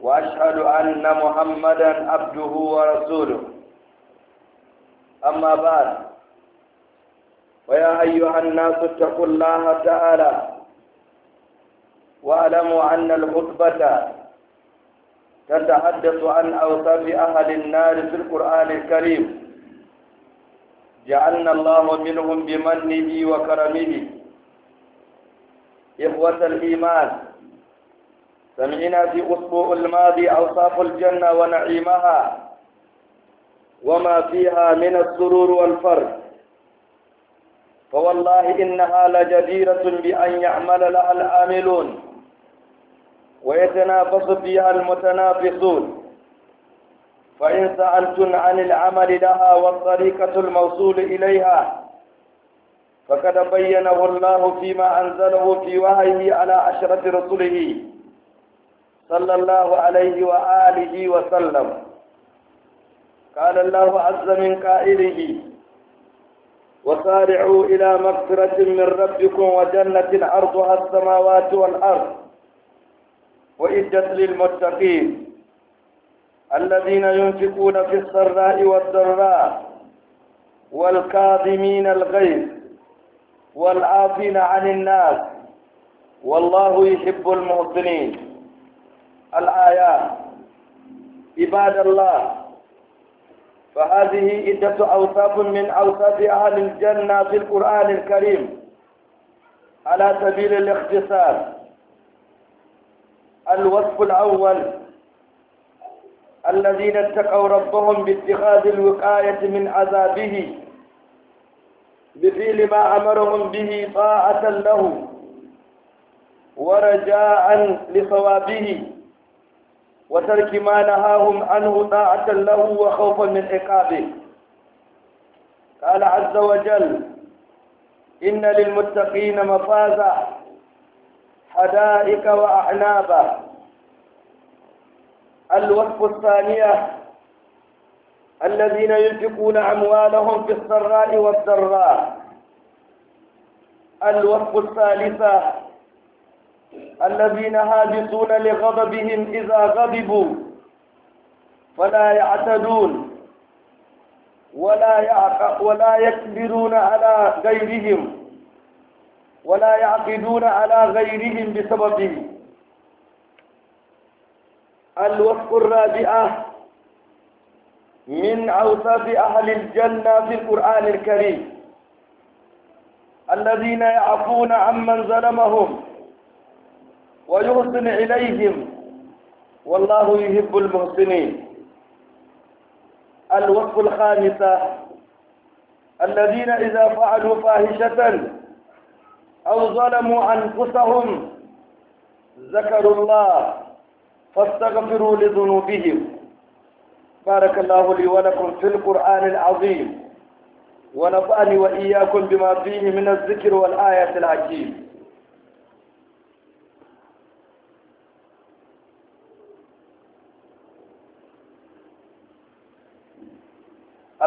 واشهد ان محمدا عبده ورسوله اما بعد ويا ايها الناس اتقوا الله تعالى واعلموا ان الخطبه تتحدث عن اوصاف اهل النار في القران الكريم جعلنا الله منهم بمنه وكرمه اخوه الايمان سمعنا في أسبوع الماضي أوصاف الجنة ونعيمها وما فيها من السرور والفرج فوالله إنها لجديرة بأن يعمل لها العاملون ويتنافس فيها المتنافسون فإن سألتم عن العمل لها والطريقة الموصول إليها فقد بينه الله فيما أنزله في وحيه على عشرة رسله صلى الله عليه وآله وسلم قال الله عز من قائله وسارعوا إلى مغفرة من ربكم وجنة عرضها السماوات والأرض وإدت للمتقين الذين ينفقون في السراء والضراء والكاظمين الغيظ والعافين عن الناس والله يحب المحسنين الآيات عباد الله فهذه عدة أوصاف من أوصاف أهل الجنة في القرآن الكريم على سبيل الاختصار الوصف الأول الذين اتقوا ربهم باتخاذ الوقاية من عذابه بفعل ما أمرهم به طاعة له ورجاء لصوابه وترك ما نهاهم عنه طاعة له وخوفا من عقابه قال عز وجل إن للمتقين مفازا حدائق وأعنابا الوصف الثانية الذين ينفقون أموالهم في السراء والضراء الوصف الثالثة الذين هابطون لغضبهم إذا غضبوا فلا يعتدون ولا ولا يكبرون على غيرهم ولا يعقدون على غيرهم بسببه الوصف الرابعة من أوصاف أهل الجنة في القرآن الكريم الذين يعفون عمن ظلمهم ويحسن إليهم والله يحب المحسنين الوقف الخامسة الذين إذا فعلوا فاحشة أو ظلموا أنفسهم ذكروا الله فاستغفروا لذنوبهم بارك الله لي ولكم في القرآن العظيم ونفعني وإياكم بما فيه من الذكر والآية العجيب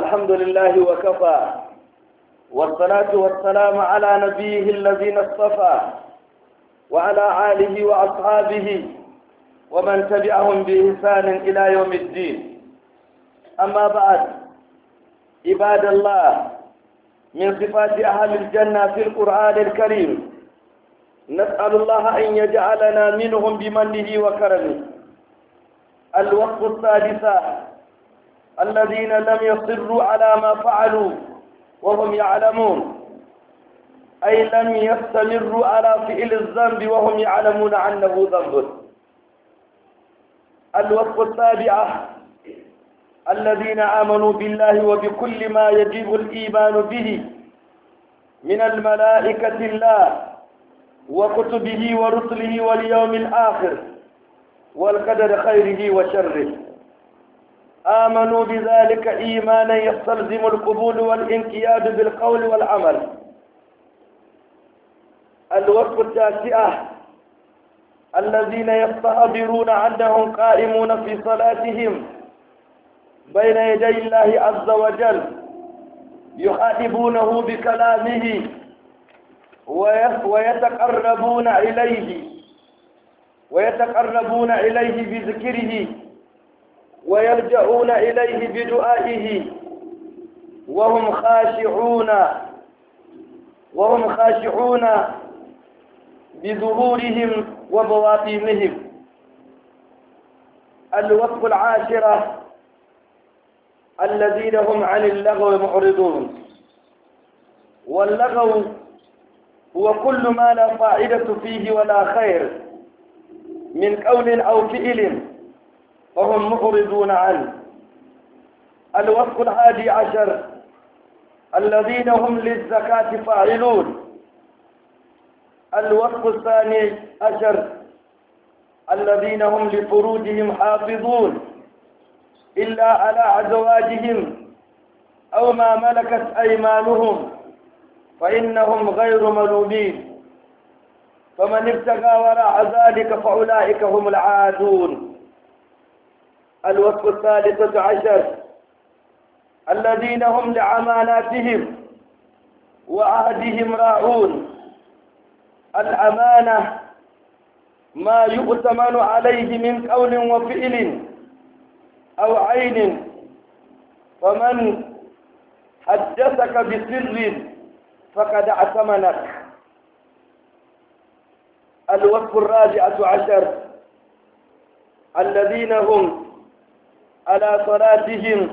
الحمد لله وكفى والصلاة والسلام على نبيه الذين اصطفى وعلى آله وأصحابه ومن تبعهم بإحسان إلى يوم الدين أما بعد عباد الله من صفات أهل الجنة في القرآن الكريم نسأل الله أن يجعلنا منهم بمنه وكرمه الوقت السادسة الذين لم يصروا على ما فعلوا وهم يعلمون أي لم يستمروا على فعل الذنب وهم يعلمون أنه ذنب الوصف السابعة الذين آمنوا بالله وبكل ما يجب الإيمان به من الملائكة الله وكتبه ورسله واليوم الآخر والقدر خيره وشره آمنوا بذلك إيمانا يستلزم القبول والانقياد بالقول والعمل الوصف التاسعة الذين يستحضرون عندهم قائمون في صلاتهم بين يدي الله عز وجل يخاطبونه بكلامه ويتقربون إليه ويتقربون إليه بذكره ويلجؤون إليه بدعائه وهم خاشعون وهم خاشعون بظهورهم وبواطنهم الوقف العاشرة الذين هم عن اللغو معرضون واللغو هو كل ما لا فائدة فيه ولا خير من قول أو فعل فهم معرضون عنه الوصف الحادي عشر الذين هم للزكاة فاعلون الوصف الثاني عشر الذين هم لفروجهم حافظون إلا على أزواجهم أو ما ملكت أيمانهم فإنهم غير ملومين فمن ابتغى وراء ذلك فأولئك هم العادون الوصف الثالثة عشر الذين هم لعماناتهم وعهدهم راعون الأمانة ما يؤتمن عليه من قول وفعل أو عين فمن حدثك بسر فقد اعتمنك الوصف الرابعة عشر الذين هم على صلاتهم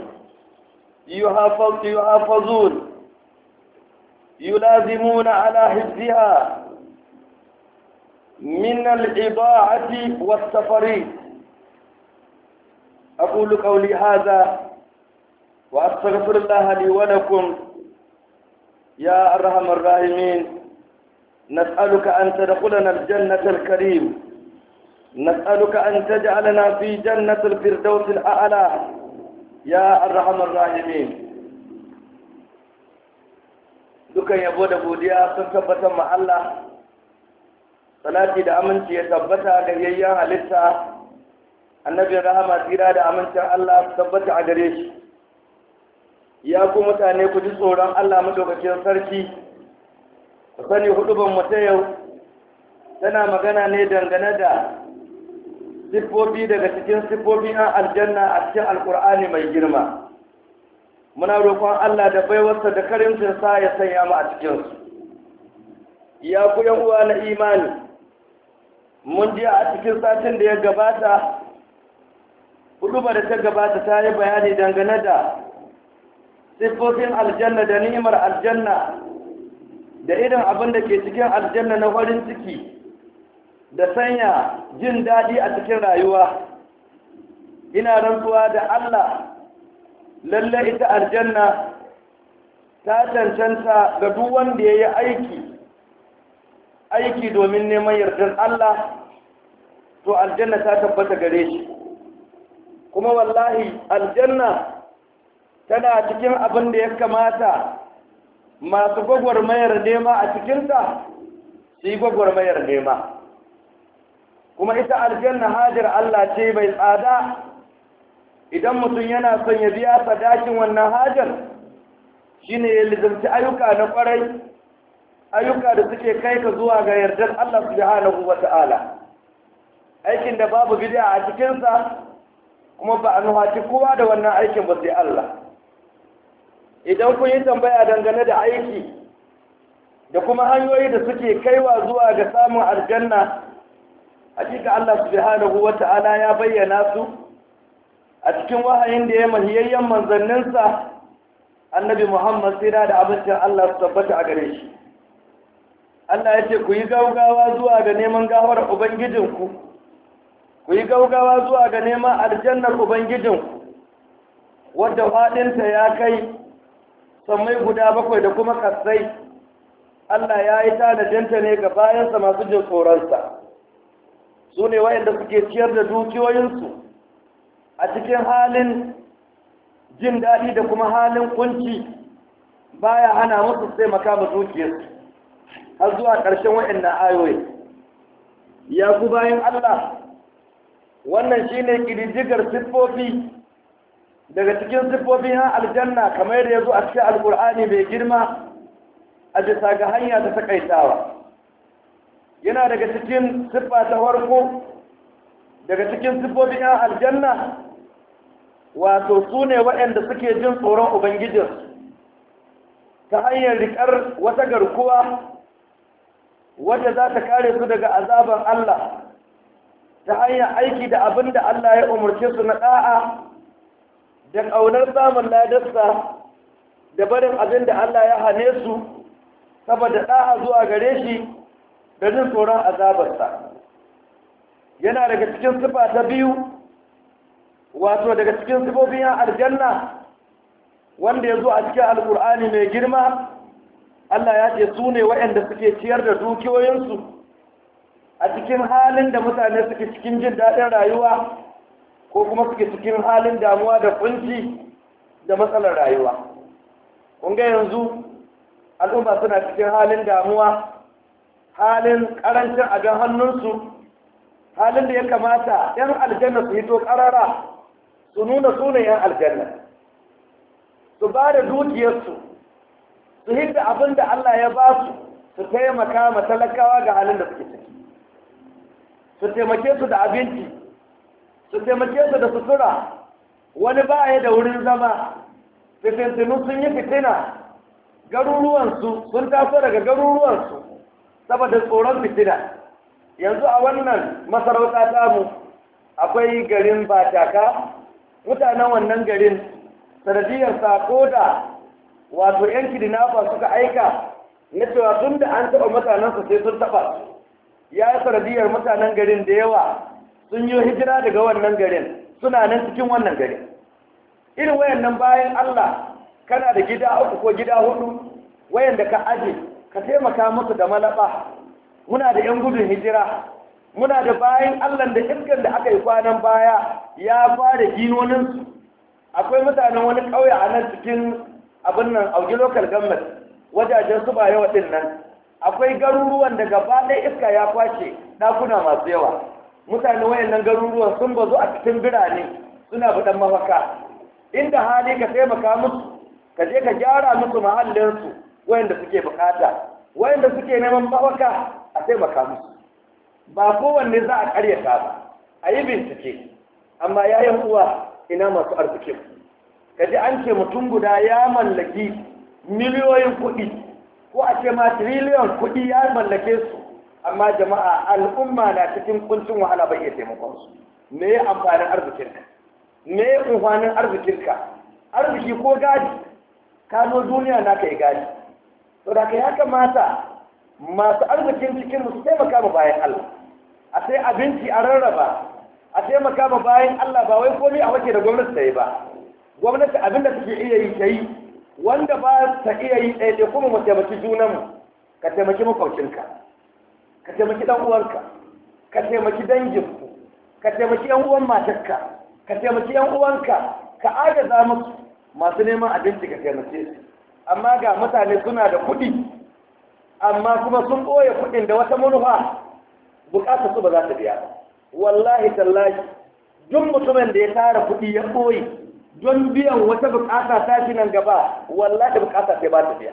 يحافظ يحافظون يلازمون على حفظها من الإضاعة والسفر أقول قولي هذا وأستغفر الله لي ولكم يا أرحم الراحمين نسألك أن تدخلنا الجنة الكريم نسألك أن تجعلنا في جنة الفردوس الأعلى يا أرحم الراحمين dukan yabo da godiya sun tabbatar ma Allah salati da aminci ya tabbata ga yayyan halitta annabin rahama tsira da amincin Allah su tabbata a gare shi ya ku mutane ku ji tsoron Allah madaukakin sarki ku sani hudu ban yau tana magana ne dangane da siffofi daga cikin siffofi a aljanna a cikin alkur'ani mai girma muna roƙon Allah da baiwarsa da karimcinsa ya sanya mu a cikinsu ya ku yan uwa na imani mun ji a cikin satin da ya gabata huduba da ta gabata ta yi bayani dangane da siffofin aljanna da ni'imar aljanna da irin abin da ke cikin aljanna na farin ciki da sanya jin daɗi a cikin rayuwa ina rantsuwa da Allah lalle ita aljanna ta cancanta ga duk wanda ya yi aiki aiki domin neman yardar Allah to aljanna ta tabbata gare shi kuma wallahi aljanna tana cikin abin da ya kamata masu gwagwarmayar nema a cikinta su yi gwagwarmayar nema kuma ita aljanna hajar Allah ce mai tsada idan mutum yana son ya biya sadakin wannan hajar shine ya lizarci ayyuka na kwarai ayyuka da suke kai ka zuwa ga yardar Allah subhanahu aikin da babu bidiya a cikinsa kuma ba a nuhaci kowa da wannan aikin ba sai Allah idan kun yi tambaya dangane da aiki da kuma hanyoyi da suke kaiwa zuwa ga samun aljanna hakika Allah subhanahu wata'ala ya bayyana su a cikin wahayin da ya mahiyayyen manzanninsa annabi Muhammad sira da abincin Allah su tabbata a gare shi Allah ya ce ku yi gaugawa zuwa ga neman gawar ubangijinku ku yi gaugawa zuwa ga neman aljannar ubangijinku wadda faɗinta ya kai sammai guda bakwai da kuma kasai Allah ya yi tanadinta ne ga bayansa masu jin tsoronsa su ne wayanda suke ciyar da dukiyoyinsu a cikin halin jin daɗi da kuma halin kunci baya hana musu sai ma dukiyarsu har zuwa ƙarshen waɗannan ayoyi ya ku bayan Allah wannan shi ne ƙirjigar siffofi daga cikin siffofi na aljanna kamar yadda ya zo a cikin alƙur'ani mai girma a bisa ga hanya ta taƙaitawa. yana daga cikin siffa ta farko daga cikin siffofin yan aljanna wato su ne waɗanda suke jin tsoron ubangijin ta hanyar riƙar wata garkuwa wadda za ta kare su daga azaban Allah ta hanyar aiki da abin da Allah ya umarce su na ɗa'a da ƙaunar samun ladarsa da barin abin da Allah ya hane su saboda ɗa'a zuwa gare shi da jin tsoron azabarsa yana daga cikin sifa ta biyu wato daga cikin sifofin aljanna wanda ya zo a cikin alkur'ani mai girma Allah ya ce su ne waɗanda suke ciyar da dukiyoyinsu a cikin halin da mutane suke cikin jin daɗin rayuwa ko kuma suke cikin halin damuwa da kunci da matsalar rayuwa. ga yanzu al'umma suna cikin halin damuwa halin karancin abin hannunsu halin da ya kamata 'yan aljanna su to karara su nuna sunan 'yan aljanna su ba da dukiyarsu su hidda abin da Allah ya ba su su taimaka ma talakawa ga halin da suke ciki su taimake su da abinci su taimake su da sutura wani ba ya da wurin zama fitintinu sun yi fitina garuruwansu sun taso daga garuruwansu saboda tsoron fitina yanzu a wannan masarauta tamu akwai garin bataka mutanen wannan garin sanadiyar sako da wato yan kidnapper suka aika na cewa tun da an taɓa mutanensa sai sun taɓa ya yi sanadiyar mutanen garin da yawa sun yi hijira daga wannan garin suna nan cikin wannan garin irin wayannan bayan allah kana da gida uku ko gida hudu wayanda ka aje ka taimaka musu da malaba muna da yan gudun hijira muna da bayan allah da irkan da aka yi kwanan baya ya fara ginoninsu akwai mutanen wani ƙauye a nan cikin abin nan auge local government wajajen su ba yawa ɗin nan akwai garuruwan da gaba ɗaya iska ya kwace ɗakuna masu yawa mutane wayannan garuruwan sun bazu a cikin birane suna buɗan mafaka inda hali ka taimaka musu ka je ka gyara musu mahallinsu wayanda suke bukata wayanda suke neman mafaka a taimaka musu ba kowanne za a karyata ba a yi bincike amma yi uwa ina masu arzikin kaji an ce mutum guda ya mallaki miliyoyin kuɗi ko a ce ma triliyon kuɗi ya mallake su amma jama'a al'umma na cikin kuncin wahala bai iya taimakon su me ya amfanin arzikinka me ya amfanin arzikinka arziki ko gadi ka duniya na kai gadi to da kai haka mata masu arzikin cikin su taimaka ma bayan Allah a sai abinci a rarraba a taimaka ma bayan Allah ba wai komai a wake da gwamnati ta yi ba gwamnati abin da suke iya yi ta yi wanda ba ta iya yi ɗaya ɗaya kuma mu taimaki mu ka taimaki makwabcinka ka taimaki ɗan uwanka ka taimaki ku ka taimaki yan uwan matarka ka taimaki yan uwanka ka agaza musu masu neman abinci ka taimake su amma ga mutane suna da kuɗi amma kuma sun ɓoye kuɗin da wata manufa bukatar su ba za ta biya wallahi tallahi duk mutumin da ya tara kuɗi ya ɓoye don biyan wata bukata ta fi nan gaba wallahi bukata sai ba ta biya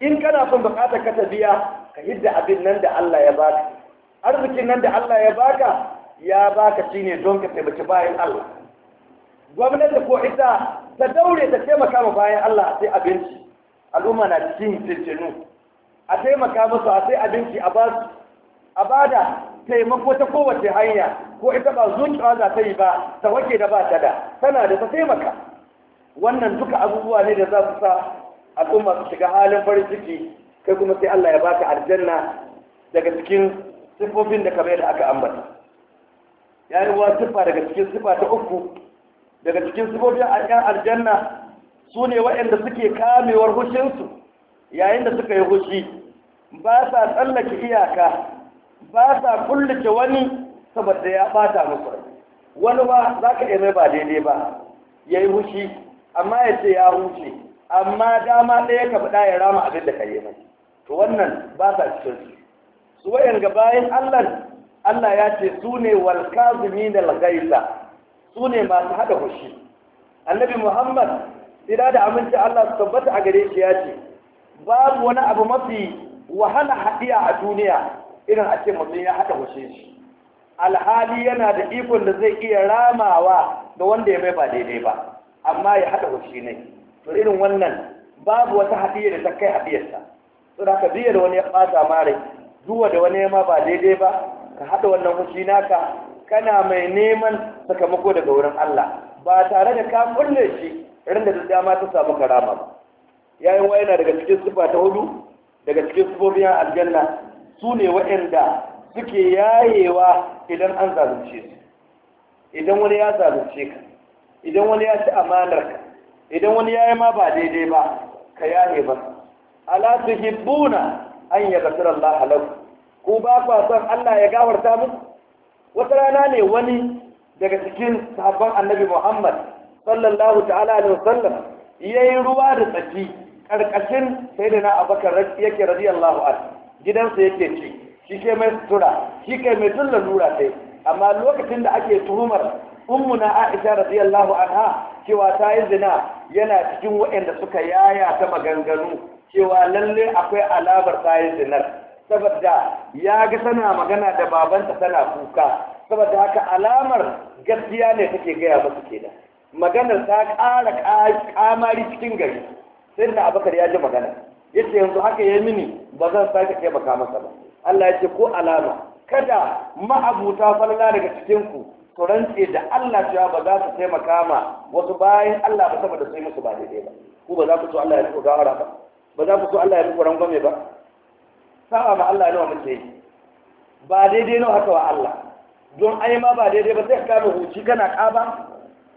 in kana son bukatar ka ta biya ka hidda abin nan da Allah ya baka arzikin nan da Allah ya baka ya baka shine don ka taimaki bayan Allah gwamnati ko ita ta daure ta taimaka ma bayan Allah a sai abinci al'umma na cikin tuntunu a taimaka musu a sai abinci a ba a bada taimako ta kowace hanya ko ita ba zuciya za ta yi ba ta wake da ba ta da tana da ta taimaka wannan duka abubuwa ne da za su sa al'umma su shiga halin farin ciki kai kuma sai Allah ya baka aljanna daga cikin siffofin da kamar da aka ambata ya wa siffa daga cikin siffa ta uku daga cikin sifofin ayyan aljanna su ne waɗanda suke kamewar hushinsu yayin da suka yi hushi ba sa tsallake iyaka ba sa kullace wani saboda ya bata musu wani ba za ka iya ba daidai ba ya yi hushi amma ya ce ya huce amma dama ɗaya ka faɗa ya rama abin da ka yi mai to wannan ba sa cikin su su bayan allah allah ya ce su ne walkazumi da lagaisa su ne masu haɗa hushi annabi muhammad tsira da aminci allah su tabbata a gare shi ya ce babu wani abu mafi wahala haɗiya a duniya irin a ce mutum ya haɗa hushi shi alhali yana da ikon da zai iya ramawa da wanda ya mai ba daidai ba amma ya haɗa hushi ne to irin wannan babu wata haɗiyar da ta kai haɗiyarsa to da ka biya da wani ya ɓata mare duwa da wani ya ma ba daidai ba ka haɗa wannan hushi naka kana mai neman sakamako daga wurin Allah ba tare da ka kulle shi irin da dama ta samu karama ba yayin wa yana daga cikin sifa ta hudu daga cikin sifofin aljanna su ne waɗanda suke yayewa idan an zalunce su idan wani ya zalunce ka idan wani ya ci amanar ka idan wani ya yi ma ba daidai ba ka yaye ba ala tuhibbuna an yaghfira Allah lakum ku ba kwa son Allah ya gafarta muku wata rana ne wani daga cikin sahabban annabi muhammad sallallahu ta'ala alaihi wasallam ya yi ruwa da tsaki ƙarƙashin, sai da na yake radiyallahu an gidansa yake ci shi ke mai sutura shi ke mai tullar lura sai amma lokacin da ake tuhumar na aisha radiyallahu anha cewa ta yi zina yana cikin waɗanda suka yaya ta maganganu cewa lalle akwai alabar ta zinar saboda ya ga tana magana da babanta tana kuka saboda haka alamar gaskiya ne take gaya masu kenan maganar ta ƙara kamari cikin gari sai da abakar ya ji magana ya ce yanzu haka ya mini ba zan sake taimaka masa ba Allah ya ce ko alama kada ma'abuta falala daga cikinku su rantse da Allah cewa ba za su taimaka ma wasu bayan Allah ba saboda sai musu ba daidai ba ku ba za ku so Allah ya muku gawara ba ba za ku so Allah ya muku rangwame ba saba ma Allah nawa muke yi ba daidai nawa haka wa Allah don ai ma ba daidai ba sai ka kama huci kana kaba,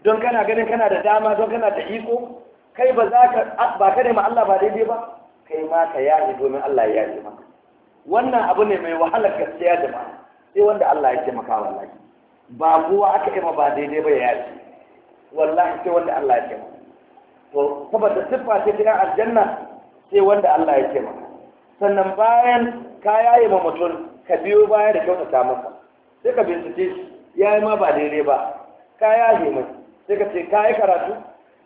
don kana ganin kana da dama don kana da iko kai ba za ka ba ka ma Allah ba daidai ba kai ma ka yaji domin Allah ya yi maka wannan abu ne mai wahalar gaskiya ba sai wanda Allah ya taimaka wallahi ba kowa aka yi ma ba daidai ba ya yi wallahi sai wanda Allah ya taimaka to saboda siffa ce ta aljanna sai wanda Allah ya taimaka sannan bayan ka yaye ma mutum ka biyo baya da kyautata masa sai ka bincike shi ya yi ma ba daidai ba ka yaye mai sai ka ce ka yi karatu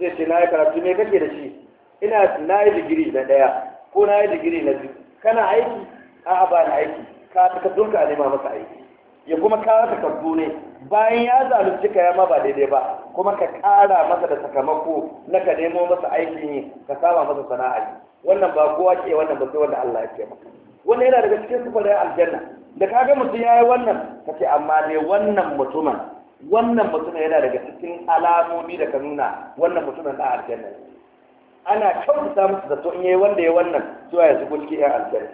sai ce na yi karatu me kake da shi ina na yi digiri na ɗaya ko na yi digiri na biyu kana aiki a'a ba na aiki ka dunka a nema masa aiki ya kuma kawo takardu ne bayan ya zalunci ka yama ba daidai ba kuma ka ƙara masa da sakamako na ka nemo masa aikin yi ka sama masa sana'a yi wannan ba kowa ke wannan ba sai wanda Allah ya ce maka wanda yana daga cikin sifar aljanna da kaga mutum ya yi wannan ka ce amma ne wannan mutumin wannan mutumin yana daga cikin alamomi da ka nuna wannan mutumin na aljanna ana kyautata musu zato in yayi wanda ya wannan zuwa ya shigo cikin yan aljanna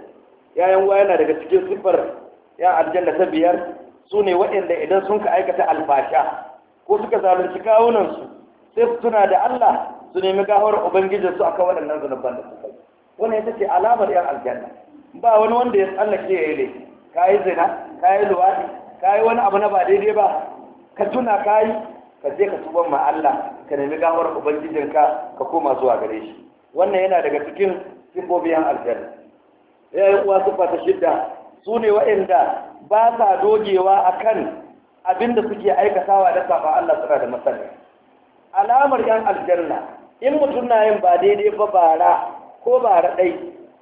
yayan wa yana daga cikin siffar yan aljanna ta biyar su ne waɗanda idan sun ka aikata alfasha ko suka zalunci kawunansu sai su tuna da Allah su nemi gawar ubangijinsu kan waɗannan zunubban da suka yi wannan ita ce alamar yan aljanna ba wani wanda ya tsallake ya yi ne ka yi zina ka yi luwaɗi ka yi wani abu na ba daidai ba ka tuna ka yi ka je ka tuban ma Allah ka nemi gawar ubangijinka ka koma zuwa gare shi wannan yana daga cikin sifofin aljanna ya yi uwa sufa ta shidda su ne wa'inda ba sa dogewa a kan abin da suke aikatawa da safa Allah suna da matsala alamar yan aljanna in mutum na yin ba daidai ba bara ko ba raɗai,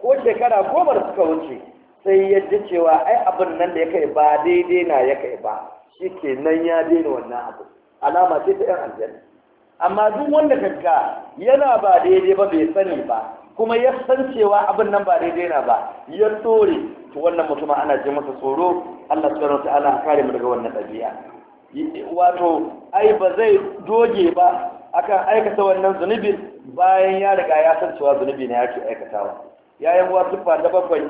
ko shekara goma da suka wuce sai yadda cewa ai abin nan da ya kai ba daidai na ya kai ba shi ke nan ya daina wannan abu alama ce ta yan aljanna amma duk wanda kakka yana ba daidai ba bai sani ba kuma ya san cewa abin nan ba daidai na ba ya tsore to wannan mutum ana ji masa tsoro Allah subhanahu wataala kare mu daga wannan ɗabi'a wato ai ba zai doge ba akan aikata wannan zunubin bayan ya riga ya san cewa zunubi ne yake aikatawa yayin wa tuffa ta bakwai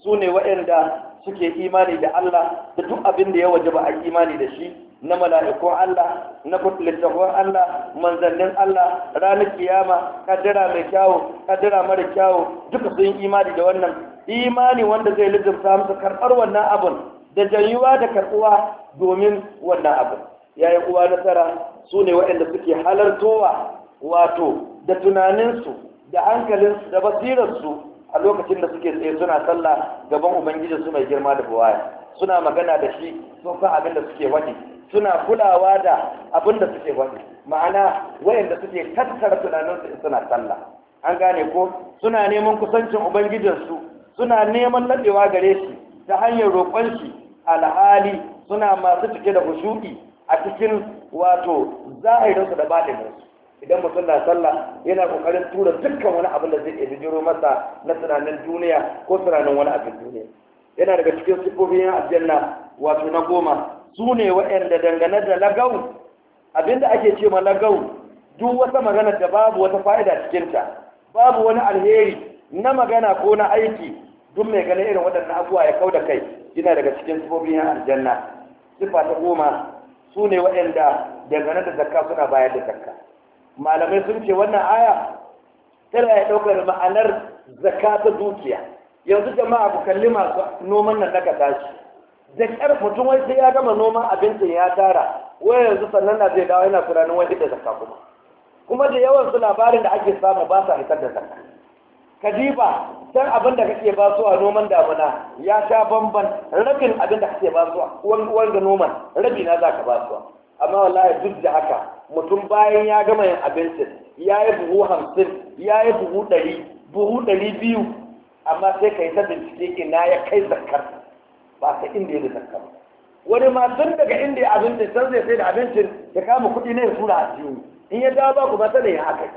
su ne waɗanda suke imani da Allah da duk abin da ya waje a imani da shi na mala'iku Allah na littafin Allah manzannin Allah ranar kiyama kaddara mai kyawu kaddara mara kyawu duka sun imani da wannan imani wanda zai lizumta musu karɓar wannan abun da janyuwa da karɓuwa domin wannan abun yayin uwa nasara su ne waɗanda suke halartowa wato da tunaninsu da hankalinsu da basirarsu a lokacin da suke tsaye suna sallah gaban su mai girma da buwaya suna magana da shi sun fa abin da suke wani suna kulawa da abin da suke wani ma'ana wayanda suke tattara tunaninsu in suna sallah an gane ko suna neman kusancin ubangijinsu suna neman laɗewa gare shi ta hanyar roƙon shi alhali suna masu cike da hushuɗi a cikin wato zahirinsu da baɗininsu idan mutum na sallah yana ƙoƙarin tura dukkan wani abin da zai iya jiro masa na tunanin duniya ko tunanin wani abin duniya yana daga cikin sifofin aljanna wato na goma su ne waɗanda dangane da lagau abinda ake ce ma lagau duk wata magana da babu wata fa'ida cikinta babu wani alheri na magana ko na aiki duk mai gane irin waɗannan abuwa ya kau da kai yana daga cikin sifofin aljanna sifa ta goma su ne waɗanda dangane da zakka suna bayar da zakka malamai sun ce wannan aya tana ya ɗaukar ma'anar zakka ta dukiya yanzu jama'a ku kalli masu noman nan daga tashi da ƙarfa tun wai sai ya gama noma abincin ya tara wai yanzu sannan na zai dawo yana tunanin wani da zakka kuma kuma da yawan su labarin da ake samu ba sa fitar da zakka kadiba san abin da kake ba suwa noman damuna ya sha bamban rabin abin da kake ba suwa wanda noman rabi na zaka ba suwa amma wallahi duk da haka mutum bayan ya gama yin abincin ya yi buhu hamsin ya yi buhu ɗari buhu ɗari biyu amma sai ka yi ta bincike ina ya kai zakkar ba ka inda ya da zakka ba wani ma tun daga inda ya abinci sun zai sai da abincin ya kama kuɗi ne ya tura a ciwo in ya dawo ba ku ba sanin ya haka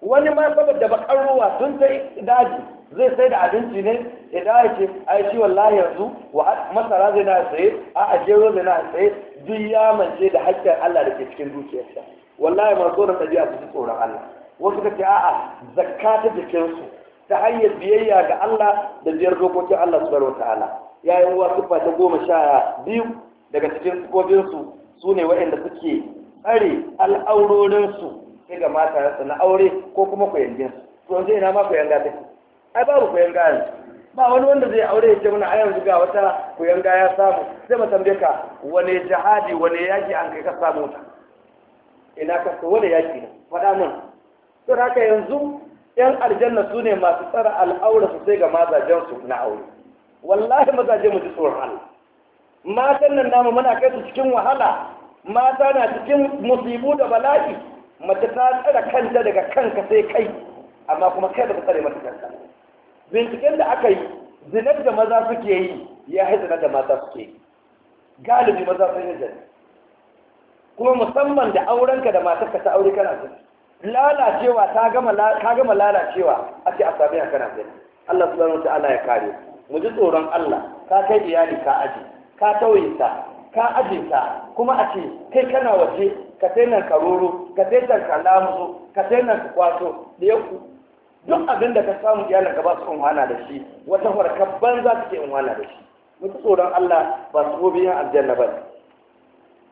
wani ma da bakar ruwa tun sai daji zai sai da abinci ne ya dawo ya ce ai shi wallahi yanzu wa masara zai na saye a ajero zai na saye duk ya mance da hakkin Allah da ke cikin zuciyarsa wallahi masu tsoron ɗabi'a su ji tsoron Allah wasu ka ce a'a zakka ta jikinsu ta hanyar biyayya ga Allah da biyar dokokin Allah subhanahu ya yi uwa sifa ta goma sha biyu daga cikin sifofinsu su ne waɗanda suke tsare al'aurorinsu sai ga mata na aure ko kuma kuyanginsu to yanzu ina ma kuyanga take ai babu kuyanga yanzu ba wani wanda zai aure ya ce mana ai yanzu ga wata kuyanga ya samu sai mu tambaye ka wane jihadi wane yaki an kai ka samu ta ina ka so wane yaki ne faɗa mun to haka yanzu yan aljanna su ne masu tsara al'aura su sai ga su na aure wallahi mazaje mu ji tsoron Allah matan nan namu muna kai su cikin wahala mata na cikin musibu da bala'i mace ta tsara kanta daga kanka sai kai amma kuma kai baka tsare mata kanta binciken da aka yi zinar da maza suke yi ya zinar da mata suke yi galibi maza sun yi zinar kuma musamman da aurenka da matarka ta aure kana zinar lalacewa ta gama lalacewa a ce a sami a kana sai Allah subhanahu wa ta'ala ya kare mu ji tsoron Allah ka kai iyali ka aji ka tauye ka aje ta kuma a ce kai kana waje ka sai nan ka roro ka sai nan ka lamuzo ka sai nan ka kwato da ya duk abin da ka samu iyalin ka ba su unwana da shi wata farka banza take unwana da shi mu ji tsoron Allah ba su gobe aljanna ba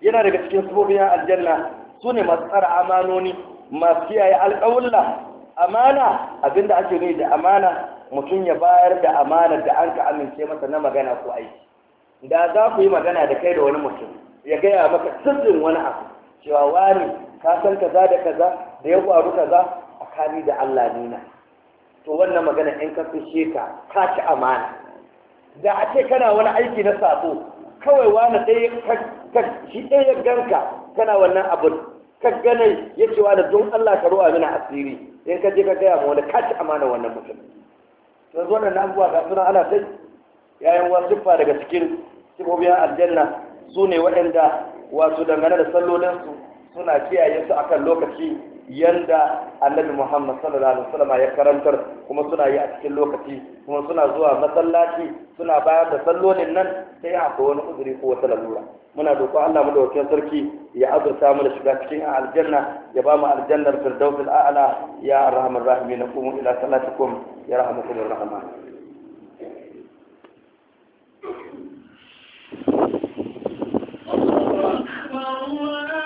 yana daga cikin su aljanna su ne masu tsara amanoni masu kiyaye alƙawulla amana abinda ake nuni da amana mutum ya bayar da amana da an ka amince masa na magana ko aiki da za ku yi magana da kai da wani mutum ya gaya maka sirrin wani abu cewa wani ka san kaza da kaza da ya faru kaza a kani da Allah nuna to wannan magana in ka fi ka ka ci amana da a ce kana wani aiki na sako kawai wani ɗaya shi ɗaya ganka kana wannan abu ka ganai ya cewa da don Allah ka ruwa mina asiri in ka je ka gaya ma wani kaci amana wannan mutum yanzu wannan abubuwa ga suna ana ta yayin wasu siffa daga cikin sifofin aljanna su ne waɗanda wasu dangane da sallolinsu suna kiyaye su akan lokaci yanda annabi muhammad sallallahu alaihi wasallam ya karantar kuma suna yi a cikin lokaci kuma suna zuwa masallaci suna bayar da sallolin nan sai ko wani uzuri ko wata lalura muna roƙon Allah mu dauke sarki ya azurta mu da shiga cikin aljanna ya ba mu aljannar firdaus al'ala ya arhamar rahimin qumu ila salatikum ya rahmatul rahman Allahu akbar